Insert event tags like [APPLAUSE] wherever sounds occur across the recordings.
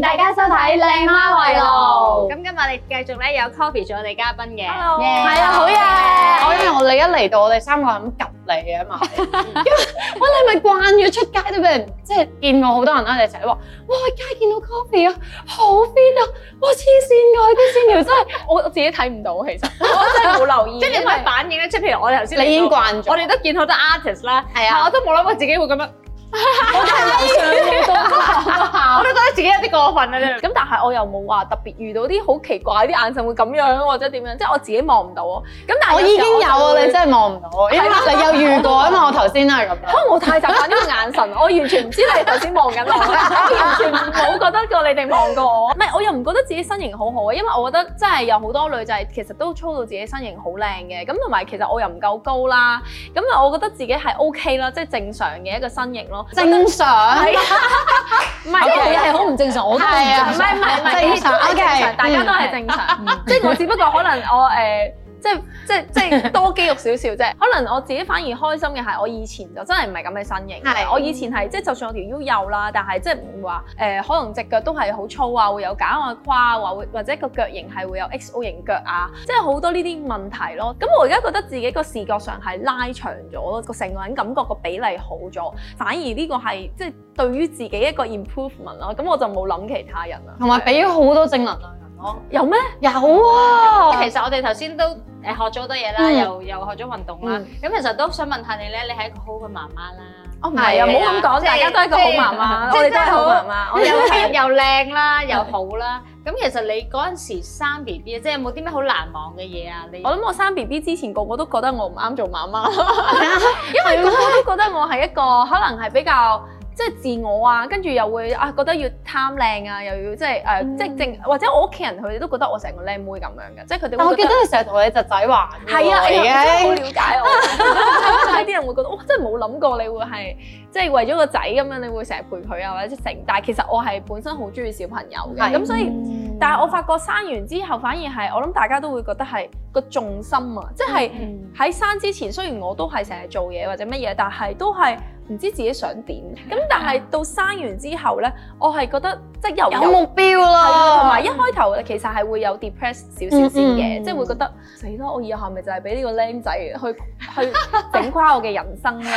大家收睇靚媽為奴，咁今日我哋繼續咧有 Coffee 做我哋嘉賓嘅，係啊，好嘢！我因為我哋一嚟到，我哋三個咁及你啊嘛，因為我你係咪慣住出街都俾人即係見過好多人啦，你哋成日話哇出街見到 Coffee 啊，好 fit 啊，哇黐線㗎，啲線條真係我我自己睇唔到，其實我真係冇留意，即係點解反應咧？即係譬如我哋頭先，你已經慣咗，我哋都見好多 Artist 啦，係啊，我都冇諗過自己會咁樣，我都係冇上過到。咁但係我又冇話特別遇到啲好奇怪啲眼神會咁樣或者點樣，即係我自己望唔到。咁但係我，我已經有啊，你真係望唔到。是是你有遇過啊嘛？我頭先都係咁樣，可能我太習慣呢個眼神， [LAUGHS] 我完全唔知你頭先望緊我。我 [LAUGHS] 完全冇覺得過你哋望過我。唔係， [LAUGHS] 我又唔覺得自己身形好好，因為我覺得真係有好多女仔其實都操到自己身形好靚嘅。咁同埋其實我又唔夠高啦。咁啊，我覺得自己係 OK 啦，即係正常嘅一個身形咯。正常。唔係 [LAUGHS] 是。 [LAUGHS] 正常，我都唔係唔係唔係正常，啊、常，OK，大家都係正常，即係、嗯嗯、我只不過可能我誒。 [LAUGHS] uh 即係即係即係多肌肉少少啫， [LAUGHS] 可能我自己反而開心嘅係，我以前就真係唔係咁嘅身形， [LAUGHS] 我以前係即係就算我條腰幼啦，但係即係唔會話誒，可能隻腳都係好粗啊，會有假胯啊，或或者個腳型係會有 X O 型腳啊，即係好多呢啲問題咯。咁我而家覺得自己個視覺上係拉長咗咯，個成個人感覺個比例好咗，反而呢個係即係對於自己一個 improvement 咯。咁我就冇諗其他人啦，同埋俾好多正能量。 [LAUGHS] 有咩？有啊！其實我哋頭先都誒學咗好多嘢啦，又又學咗運動啦。咁其實都想問下你咧，你係一個好嘅媽媽啦。哦，唔係啊，唔好咁講，大家都係一個好媽媽，我哋都係好媽媽。又靚啦，又好啦。咁其實你嗰陣時生 B B，即係有冇啲咩好難忘嘅嘢啊？我諗我生 B B 之前，個個都覺得我唔啱做媽媽咯，因為個個都覺得我係一個可能係比較。即係自我啊，跟住又會啊覺得要貪靚啊，又要即係誒，呃嗯、即正或者我屋企人佢哋都覺得我成個靚妹咁樣嘅，即係佢哋。但我記得你成日同你侄仔玩，係係啊，已經好了解我。所以啲人會覺得哇，我真係冇諗過你會係。即係為咗個仔咁樣，你會成日陪佢啊，或者即成。但係其實我係本身好中意小朋友嘅，咁的所以，嗯、但係我發覺生完之後反而係我諗大家都會覺得係個重心啊，即係喺生之前雖然我都係成日做嘢或者乜嘢，但係都係唔知自己想點咁、嗯、但係到生完之後咧，我係覺得即係有，有，有，有目標啦，同埋一開頭其實係會有 depress 少少先嘅，即係、嗯嗯、會覺得死咯，我以後係咪就係俾呢個僆仔去 [LAUGHS] 去整垮我嘅人生咧？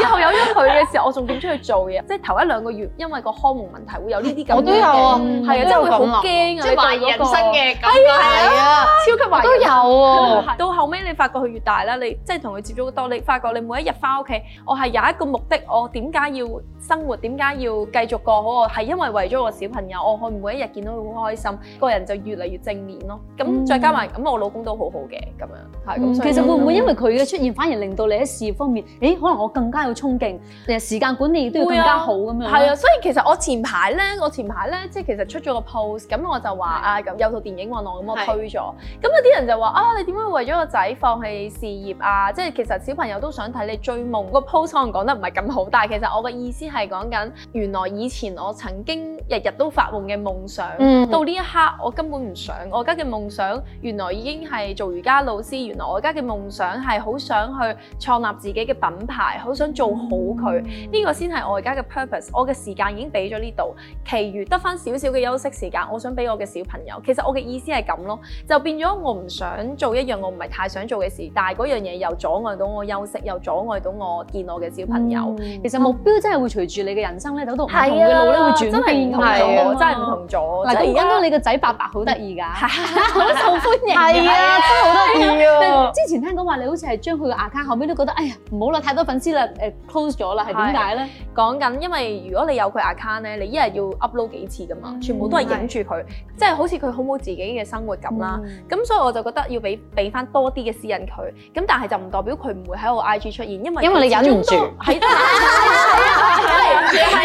以後有。佢嘅時候，我仲點出去做嘢？即係頭一兩個月，因為個開門問題會有呢啲咁嘅，我都有喎，係啊，即係會好驚啊，即係懷疑人生嘅，係啊係啊，超級懷疑都有喎。到後尾你發覺佢越大啦，你即係同佢接觸多，你發覺你每一日翻屋企，我係有一個目的，我點解要生活？點解要繼續過好？我係因為為咗個小朋友，我佢每一日見到佢好開心，個人就越嚟越正面咯。咁再加埋咁，我老公都好好嘅咁樣，係咁。其實會唔會因為佢嘅出現，反而令到你喺事業方面，誒可能我更加有衝勁？誒時間管理都要更加好咁樣，係啊，所以其實我前排咧，我前排咧，即係其實出咗個 post，咁我就話的啊，有套電影喎，我咁我推咗，咁的有啲人就話啊，你點解為咗個仔放棄事業啊？即係其實小朋友都想睇你追夢個 post，可能講得唔係咁好，但係其實我嘅意思係講緊，原來以前我曾經日日都發夢嘅夢想，嗯、到呢一刻我根本唔想，我而家嘅夢想原來已經係做瑜伽老師，原來我而家嘅夢想係好想去創立自己嘅品牌，好想做好。佢呢個先係我而家嘅 purpose，我嘅時間已經俾咗呢度，其餘得翻少少嘅休息時間，我想俾我嘅小朋友。其實我嘅意思係咁咯，就變咗我唔想做一樣我唔係太想做嘅事，但係嗰樣嘢又阻礙到我休息，又阻礙到我見我嘅小朋友。其實目標真係會隨住你嘅人生咧，走到唔同嘅路咧，會轉變咁樣，真係唔同咗。而家到你個仔白白好得意㗎，好受歡迎，係啊，真係好得意。之前聽講話你好似係將佢嘅 account 後尾都覺得哎呀唔好啦，太多粉絲啦，誒咗啦，係點解咧？講緊，因為如果你有佢 account 咧，你一日要 upload 幾次噶嘛，全部都係影住佢，即係好似佢好冇自己嘅生活感啦。咁所以我就覺得要俾俾翻多啲嘅私隱佢。咁但係就唔代表佢唔會喺我 IG 出現，因為因為你忍唔住，係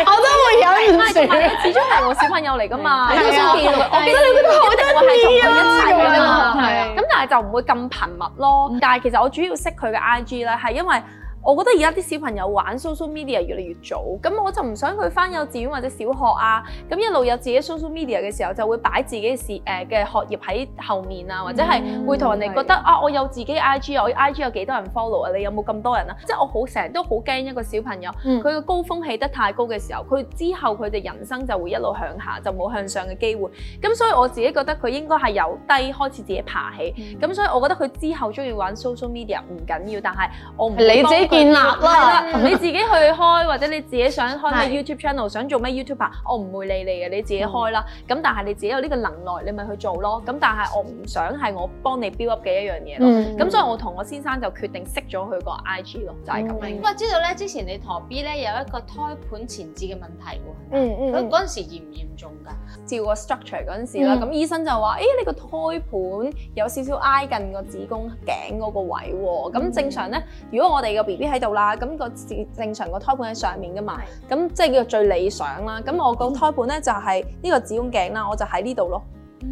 我都會忍唔住。始終係我小朋友嚟噶嘛，你都想記錄，我覺得你嗰啲好得意啊，咁但係就唔會咁頻密咯。但係其實我主要識佢嘅 IG 咧，係因為。我覺得而家啲小朋友玩 social media 越嚟越早，咁我就唔想佢返幼稚園或者小學啊，咁一路有自己 social media 嘅時候，就會擺自己嘅事誒嘅學業喺後面啊，或者係會同人哋覺得啊，我有自己 IG 啊，我有 IG 有幾多人 follow 啊，你有冇咁多人啊？即係我好成日都好驚一個小朋友，佢嘅、嗯、高峰起得太高嘅時候，佢之後佢哋人生就會一路向下，就冇向上嘅機會。咁所以我自己覺得佢應該係由低開始自己爬起。咁、嗯、所以我覺得佢之後鍾意玩 social media 唔緊要，但係我唔你建立啦， [LAUGHS] 你自己去開或者你自己想開咩 YouTube channel，是想做咩 YouTuber，我唔會理你嘅，你自己開啦。咁、嗯、但係你自己有呢個能耐，你咪去做咯。咁但係我唔想係我幫你 build up 嘅一樣嘢咯。咁、嗯、所以我同我先生就決定熄咗佢個 IG 咯，就係咁樣。咁、嗯、我知道咧，之前你陀 B 咧有一個胎盤前置嘅問題喎。嗯，嗯嗯。嗰、嗯嗯、陣時嚴唔嚴重㗎？照個 structure 嗰陣時啦，咁、嗯、醫生就話，誒、欸，你個胎盤有少少挨近個子宮頸嗰個位喎。咁、嗯、正常咧，如果我哋個 B B 喺度啦，咁個正常個胎盤喺上面噶嘛，咁的即係叫最理想啦。咁、嗯、我胎盤個胎盤咧就係呢個子宮頸啦，我就喺呢度咯。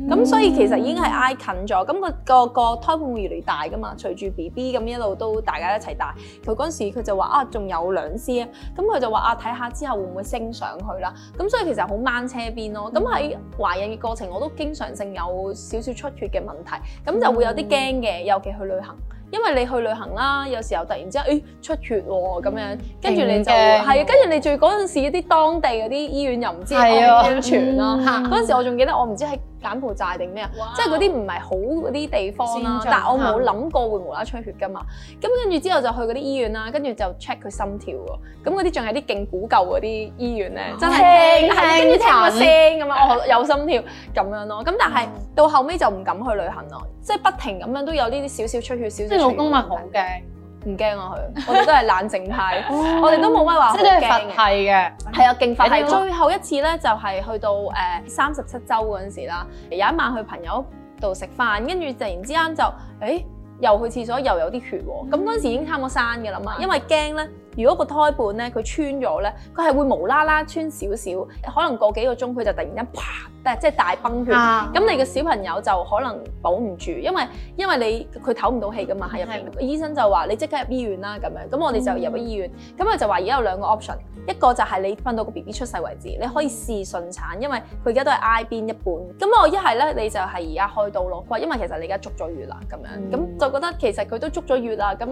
咁、嗯、所以其實已經係挨近咗。咁、那個個個胎盤會越嚟越大噶嘛，隨住 B B 咁一路都大家一齊大。佢嗰陣時佢就話啊，仲有兩 C，咁佢就話啊，睇下之後會唔會升上去啦。咁所以其實好掹車邊咯。咁喺懷孕嘅過程，我都經常性有少少出血嘅問題，咁就會有啲驚嘅，嗯、尤其去旅行。因為你去旅行啦，有時候突然之間誒出血喎咁樣，跟住你就係啊，跟住你仲嗰陣時啲當地嗰啲醫院又唔知點樣宣傳咯。嗰陣時我仲記得我唔知喺柬埔寨定咩啊，即係嗰啲唔係好嗰啲地方啦。但我冇諗過會無啦出血㗎嘛。咁跟住之後就去嗰啲醫院啦，跟住就 check 佢心跳喎。咁嗰啲仲係啲勁古舊嗰啲醫院咧，真係係跟住聽個聲咁我有心跳咁樣咯。咁但係到後尾就唔敢去旅行咯，即係不停咁樣都有呢啲少少出血少少。老公咪好驚，唔驚 [LAUGHS] 啊佢，我哋都係冷靜派， [LAUGHS] 我哋都冇乜話好驚嘅，係嘅，係啊，勁快。係最後一次咧，就係去到誒、呃、三十七週嗰陣時啦， [LAUGHS] 有一晚去朋友度食飯，跟住突然之間就誒、欸、又去廁所又有啲血喎，咁嗰陣時已經差唔多生嘅啦嘛， [LAUGHS] 因為驚咧。如果個胎盤咧佢穿咗咧，佢係會無啦啦穿少少，可能過幾個鐘佢就突然間啪，即係大崩血。咁、啊、你嘅小朋友就可能保唔住，因為因為你佢唞唔到氣噶嘛喺入邊。面的醫生就話的你即刻入醫院啦咁樣。咁我哋就入咗醫院。咁佢、嗯、就話而家有兩個 option，一個就係你瞓到個 B B 出世為止，你可以試順產，因為佢而家都係挨邊一半。咁我一係咧你就係而家開刀囉佢話，因為其實你而家捉咗月啦咁樣。咁、嗯、就覺得其實佢都捉咗月啦，咁誒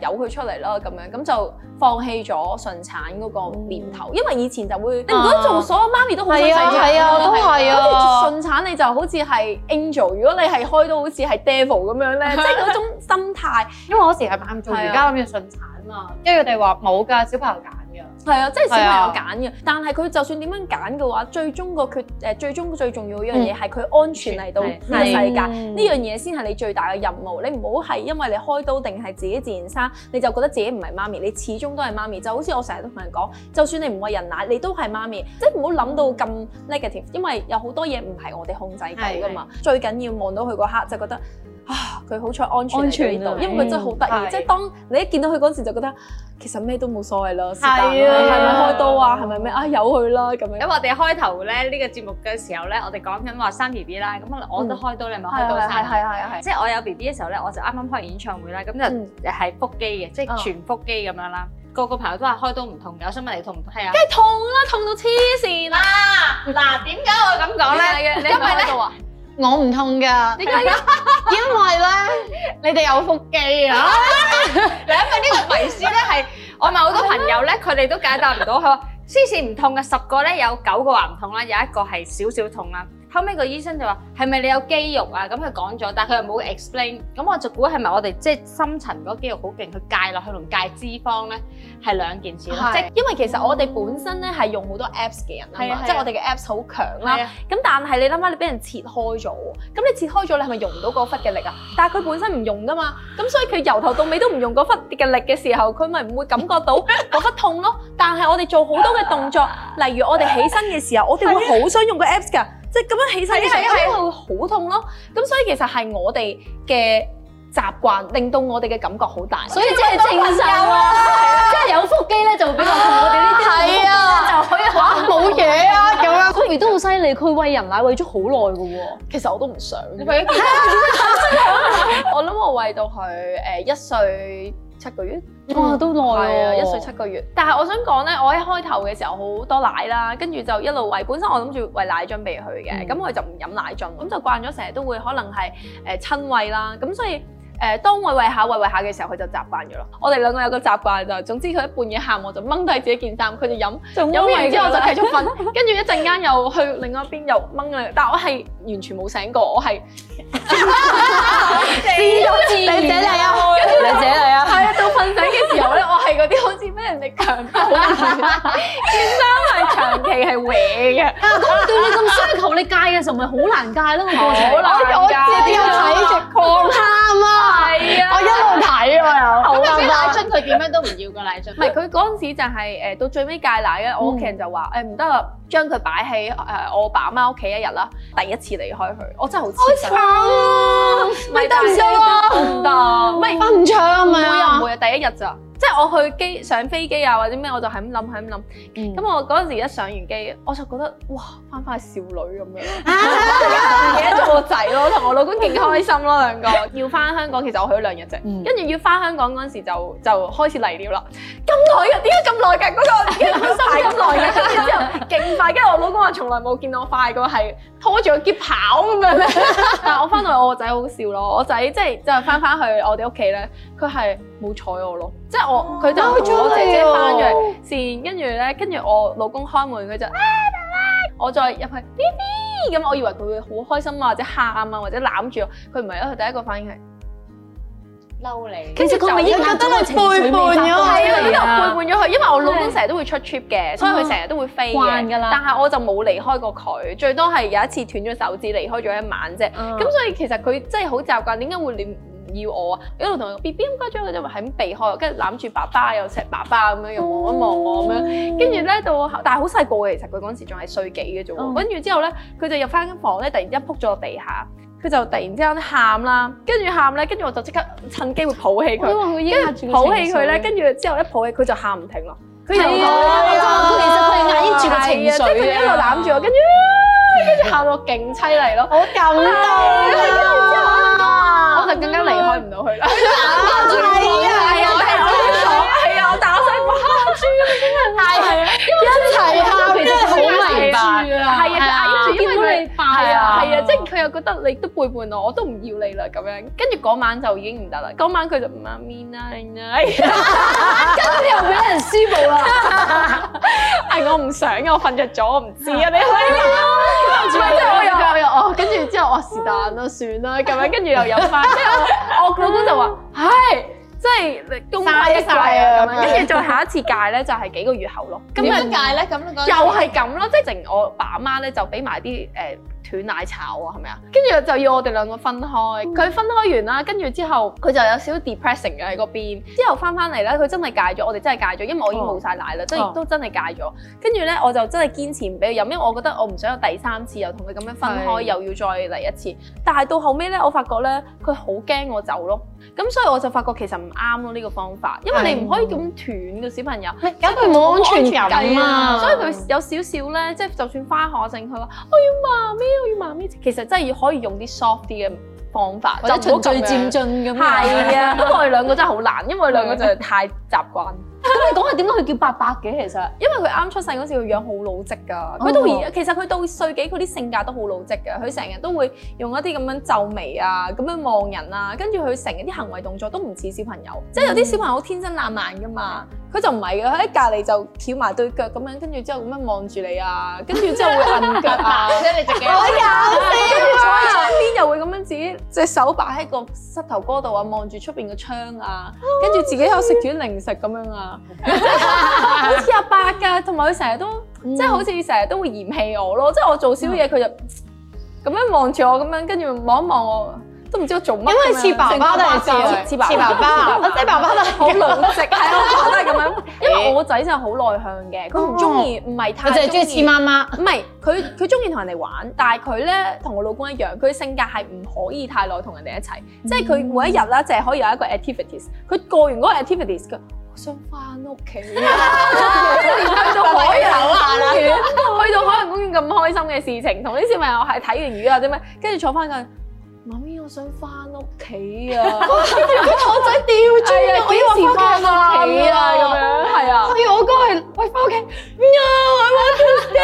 由佢出嚟啦咁樣，咁就。放棄咗順產嗰個念頭，嗯、因為以前就會，你唔覺得做所有媽咪都好係啊都係啊，順、啊為啊、產你就好似係 Angel，如果你係開到好似係 Devil 咁樣咧，即係、啊、種心態，啊、因為嗰時係唔肯做，而家諗住順產啊嘛，跟住佢哋話冇㗎，小朋友揀。係啊，即係 [MUSIC] 小朋友揀嘅，但係佢就算點樣揀嘅話，最終個決誒、呃，最終最重要一樣嘢係佢安全嚟到呢個世界，呢、嗯、樣嘢先係你最大嘅任務。你唔好係因為你開刀定係自己自然生，你就覺得自己唔係媽咪，你始終都係媽咪。就好似我成日都同人講，就算你唔喂人奶，你都係媽咪，即係唔好諗到咁 negative，嗯、因為有好多嘢唔係我哋控制是的 到㗎嘛。最緊要望到佢嗰刻就覺得。啊！佢好彩安全喺呢度，因為佢真係好得意，即係當你一見到佢嗰時就覺得其實咩都冇所謂啦。係係咪開刀啊？係咪咩啊？有佢啦咁樣。咁我哋開頭咧呢個節目嘅時候咧，我哋講緊話生 B B 啦。咁我都開刀，你咪開刀曬。係係係即係我有 B B 嘅時候咧，我就啱啱開演唱會啦。咁就係腹肌嘅，即係全腹肌咁樣啦。個個朋友都話開刀唔痛嘅，我想問你痛唔痛？係啊，梗係痛啦，痛到黐線啦！嗱，點解我咁講咧？因為啊，我唔痛㗎。點解？因為呢，你哋有腹肌 [LAUGHS] 啊！因為呢個肥師呢，係，我問好多朋友呢，佢哋 [LAUGHS] 都解答唔到，佢話：之前唔痛嘅十個呢有九個話唔痛啦，有一個係少少痛啦。後尾個醫生就話：係咪你有肌肉啊？咁佢講咗，但係佢又冇 explain。咁我就估係咪我哋即係深層嗰肌肉好勁，佢戒落去同戒脂肪咧係兩件事。是即係因為其實我哋本身咧係、嗯、用好多 apps 嘅人啊，即係我哋嘅 apps 好強啦。咁、啊、但係你諗下，你俾人切開咗喎，咁你切開咗，你係咪用唔到嗰忽嘅力啊？但係佢本身唔用噶嘛，咁所以佢由頭到尾都唔用嗰忽嘅力嘅時候，佢咪唔會感覺到嗰忽痛咯。但係我哋做好多嘅動作，例如我哋起身嘅時候，我哋會好想用個 apps 㗎。即係咁樣起曬啲腹肌，佢會好痛咯。咁所以其實係我哋嘅習慣，令到我哋嘅感覺好大。所以即係正常啊！即係有腹肌咧，就會比較同我哋呢啲冇啊就可以嚇冇嘢啊咁、啊、樣。k o 都好犀利，佢餵人奶餵咗好耐嘅喎。其實我都唔想。 [LAUGHS] 我諗我餵到佢誒一歲。七個月，哇都耐啊！一歲七個月，但係我想講咧，我一開頭嘅時候好多奶啦，跟住就一路餵。本身我諗住餵奶樽俾佢嘅，咁我、嗯、就唔飲奶樽，咁就慣咗成日都會可能係誒親餵啦。咁所以誒、呃，當我餵下餵餵下嘅時候，佢就習慣咗咯。我哋兩個有個習慣就係，總之佢一半夜喊，我就掹低自己件衫，佢就飲飲完之後就繼續瞓。跟住 [LAUGHS] 一陣間又去另外一邊又掹啊，但係我係完全冇醒過，我係。 [LAUGHS] [LAUGHS] 件衫係長期係搲嘅，我對你咁奢求你戒嘅時候，咪好難戒咯。我好我知啊，睇直控，喊啊，係啊，我一路睇啊，我又好難。奶樽佢點樣都唔要個奶樽，唔係佢嗰陣時就係誒到最尾戒奶嘅，我屋企人就話誒唔得啦，將佢擺喺誒我爸阿媽屋企一日啦。第一次離開佢，我真係好黐線。好慘啊！唔得唔得，唔得，唔唱啊！唔會啊，第一日咋？即係我去機上飛機啊，或者咩，我就係咁諗，係咁諗。咁、嗯、我嗰陣時一上完機，我就覺得哇，翻返去少女咁樣，唔記得咗我個仔咯，同我，我，我，我老公勁開心咯、啊，兩個 [LAUGHS] 要翻香港，其實我去咗兩日啫。跟住要翻香港嗰陣時就就開始嚟了啦，咁耐嘅，點解咁耐嘅嗰個點解咁快咁耐嘅？之後勁快，跟住我老公話從來冇見到我快過，係拖住個喼跑咁樣。 [LAUGHS] 但係我翻到去我個仔好笑咯，我仔即係就翻返去我哋屋企咧，佢係冇睬我咯，即係佢就同我姐姐翻咗嚟先，跟住咧，跟住我老公開門佢就，我再入去，咁我以為佢會好開心啊，或者喊啊，或者攬住我，佢唔係啊，佢第一個反應係嬲你。其實佢咪已經覺得我背叛咗你背叛咗佢，因為我老公成日都會出 trip 嘅，所以佢成日都會飛嘅。慣㗎啦。但係我就冇離開過佢，最多係有一次斷咗手指離開咗一晚啫。咁所以其實佢真係好習慣，點解會連？要我啊，一路同佢 B B 咁加佢，因為喺咁避開，跟住攬住爸爸又錫爸爸咁樣，又望一望我咁樣。跟住咧到，但係好細個嘅，其實佢嗰陣時仲係歲幾嘅啫。跟住之後咧，佢就入翻間房咧，突然之間撲咗落地下，佢就突然之間喊啦。跟住喊咧，跟住我就即刻趁機會抱起佢，抱起佢咧，跟住之後一抱起佢就喊唔停啦。係啊，佢其實佢壓住個情緒，佢一路攬住我，跟住跟住喊到勁凄厲咯。好感動。 [LAUGHS] [LAUGHS] [LAUGHS] 更加離開唔到佢啦！打曬轉，你啊係啊係啊係啊！ [LAUGHS] 打曬轉，真係係一齊。真係好迷住啊！係為啊，就挨住，因為係啊，係啊，即係佢又覺得你都背叛我，我都唔要你啦咁樣。跟住嗰晚就已經唔得啦，嗰晚佢就唔媽咪奶奶，跟住 [LAUGHS] [LAUGHS] 又俾人舒服啦。係我唔想啊，我瞓着咗，我唔知啊，你去啦、啊。跟住之後我又，跟住之後我話是但啦，ished, 算啦咁樣，跟住又飲翻啦。我老公就話唉！即係功敗一晒啊！跟住再下一次戒咧， [LAUGHS] 就係幾個月後咯。點解咧？咁又係咁咯， [LAUGHS] 即係淨我爸媽咧就俾埋啲誒。呃斷奶炒啊，係咪啊？跟住就要我哋兩個分開。佢、嗯、分開完啦，跟住之後佢就有少少 depressing 嘅喺嗰邊。之後翻翻嚟咧，佢真係戒咗，我哋真係戒咗，因為我已經冇晒奶啦，真、哦、都真係戒咗。跟住咧，我就真係堅持唔俾佢飲，因為我覺得我唔想有第三次又同佢咁樣分開，是又要再嚟一次。但係到後尾咧，我發覺咧，佢好驚我走咯。咁所以我就發覺其實唔啱咯呢個方法，因為你唔可以咁斷個小朋友，因為佢冇安全感嘛。所以佢有少少咧，即係就算返學剩，佢話我要媽咪。哎我要慢慢，其實真係要可以用啲 soft 啲嘅方法，或者循序漸進咁樣。係啊的， [LAUGHS] 因為兩個真係好難，因為兩個就係太習慣。咁 [LAUGHS] 你講下點解佢叫伯伯嘅？其實因為佢啱出世嗰時佢樣好老積㗎，佢到而其實佢到歲幾佢啲性格都好老積㗎。佢成日都會用一啲咁樣皺眉啊，咁樣望人啊，跟住佢成日啲行為動作都唔似小朋友，即係、嗯、有啲小朋友好天真爛漫㗎嘛。嗯佢就唔係嘅，佢喺隔離就翹埋對腳咁樣，跟住之後咁樣望住你啊，跟住之後會摁腳啊，即係你隻腳，跟住坐喺窗邊又會咁樣自己隻手擺喺個膝頭哥度啊，望住出邊嘅窗啊，跟住自己喺度食住零食咁樣啊，嗯、好似阿伯㗎，同埋佢成日都即係好似成日都會嫌棄我咯，即係我做少嘢佢就咁樣望住我咁樣，跟住望一望我。都唔知做乜，因為似爸爸都係做，似爸爸，似爸爸，爸都係好老實，係啊，都係咁樣。因為我個仔真係好內向嘅，佢唔中意，唔係太中意。佢就中意似媽媽。唔係佢，佢中意同人哋玩，但係佢咧同我老公一樣，佢性格係唔可以太耐同人哋一齊。即係佢每一日啦，淨係可以有一個 activities。佢過完嗰個 activities，我想翻屋企。去到海洋公園咁開心嘅事情，同啲小朋友係睇完魚啊啲咩，跟住坐翻個。媽咪，我想返屋企啊！佢糖仔點追啊？我以為返屋企啊，咁樣係啊！我哥係喂返屋企，no，我冇出聲。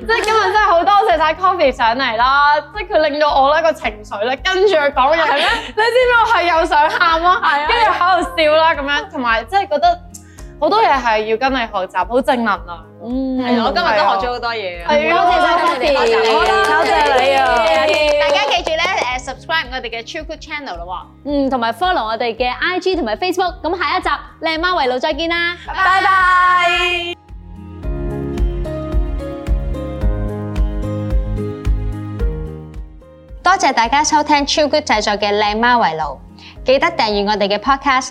即係今日真係好多謝曬 coffee 上嚟啦！即係佢令到我呢個情緒呢，跟住佢講嘢 [LAUGHS] 你知唔知我係又想喊咯，跟住喺度笑啦咁樣，同埋即係覺得。好多嘢係要跟你學習，好正能量。嗯，係啊，我今日都學咗好多嘢。係啊，好多謝你，好多謝你啊！大家記住咧，誒，subscribe 我哋嘅超 Good Channel 咯喎，嗯，同埋 follow 我哋嘅 IG 同埋 Facebook。咁下一集靚媽為奴再見啦，拜拜！多謝大家收聽超 Good 製作嘅靚媽為奴，記得訂閱我哋嘅 Podcast。